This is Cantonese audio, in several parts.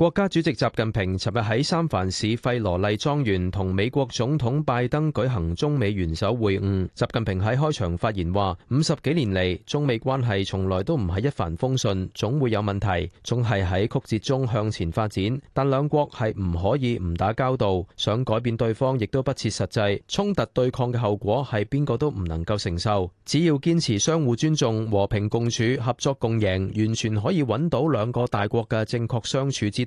國家主席習近平尋日喺三藩市費羅麗莊園同美國總統拜登舉行中美元首會晤。習近平喺開場發言話：五十幾年嚟，中美關係從來都唔係一帆風順，總會有問題，總係喺曲折中向前發展。但兩國係唔可以唔打交道，想改變對方亦都不切實際。衝突對抗嘅後果係邊個都唔能夠承受。只要堅持相互尊重、和平共處、合作共贏，完全可以揾到兩個大國嘅正確相處之。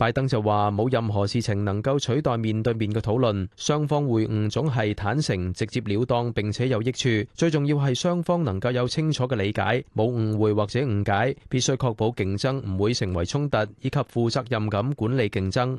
拜登就話：冇任何事情能夠取代面對面嘅討論，雙方會晤總係坦誠、直接了當並且有益處。最重要係雙方能夠有清楚嘅理解，冇誤會或者誤解。必須確保競爭唔會成為衝突，以及負責任咁管理競爭。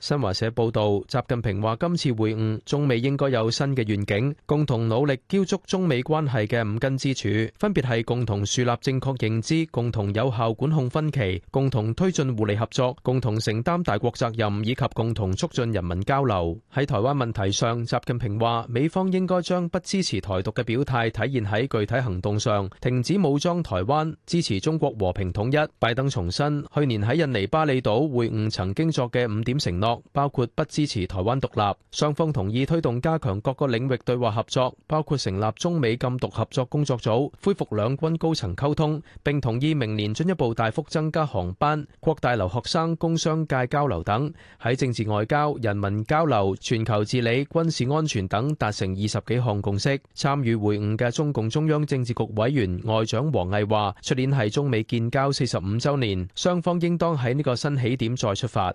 新華社報道，習近平話今次會晤中美應該有新嘅願景，共同努力澆築中美關係嘅五根支柱，分別係共同樹立正確認知、共同有效管控分歧、共同推進互利合作、共同承擔大國責任以及共同促進人民交流。喺台灣問題上，習近平話美方應該將不支持台獨嘅表態體現喺具體行動上，停止武裝台灣，支持中國和平統一。拜登重申去年喺印尼巴厘島會晤曾經作嘅五點承諾。包括不支持台灣獨立，雙方同意推動加強各個領域對話合作，包括成立中美禁毒合作工作組、恢復兩軍高層溝通，並同意明年進一步大幅增加航班、擴大留學生、工商界交流等。喺政治外交、人文交流、全球治理、軍事安全等達成二十幾項共識。參與會晤嘅中共中央政治局委員外長王毅話：出年係中美建交四十五週年，雙方應當喺呢個新起點再出發。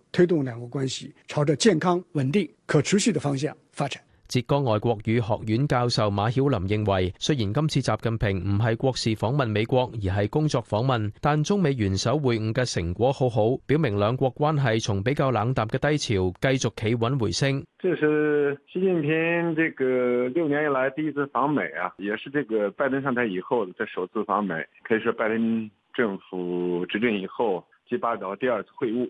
推動兩國關係朝着健康、穩定、可持續的方向發展。浙江外國語學院教授馬曉林認為，雖然今次習近平唔係國事訪問美國，而係工作訪問，但中美元首會晤嘅成果好好，表明兩國關係從比較冷淡嘅低潮繼續企穩回升。這是習近平這個六年以來第一次訪美啊，也是這個拜登上台以後的首次訪美，可以說拜登政府執政以後繼峇里島第二次會晤。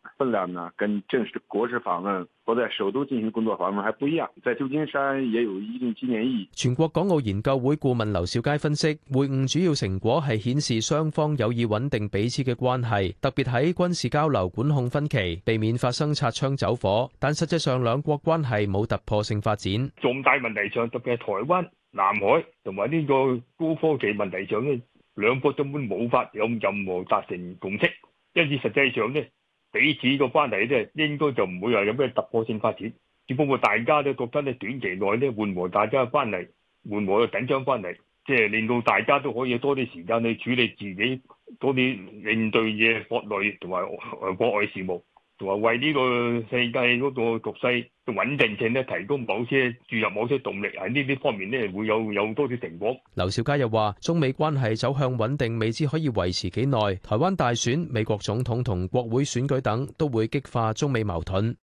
分量呢，跟正式國事訪問或在首都進行工作訪問還不一樣，在舊金山也有一定紀念意義。全國港澳研究會顧問劉少佳分析，會晤主要成果係顯示雙方有意穩定彼此嘅關係，特別喺軍事交流管控分歧、避免發生擦槍走火，但實際上兩國關係冇突破性發展。重大問題上，特別係台灣、南海同埋呢個高科技問題上咧，兩國根本冇法有任何達成共識，因此實際上咧。彼此個關係咧，應該就唔會話有咩突破性發展，只不過大家都覺得咧，短期內咧緩和大家嘅關係，緩和個緊張關係，即係令到大家都可以多啲時間去處理自己多啲應對嘅國內同埋誒國外事務。就話為呢個世界嗰個局勢穩定性，咧提供某些注入某些動力，喺呢啲方面，咧會有有多少成果。劉兆佳又話：中美關係走向穩定未知可以維持幾耐？台灣大選、美國總統同國會選舉等都會激化中美矛盾。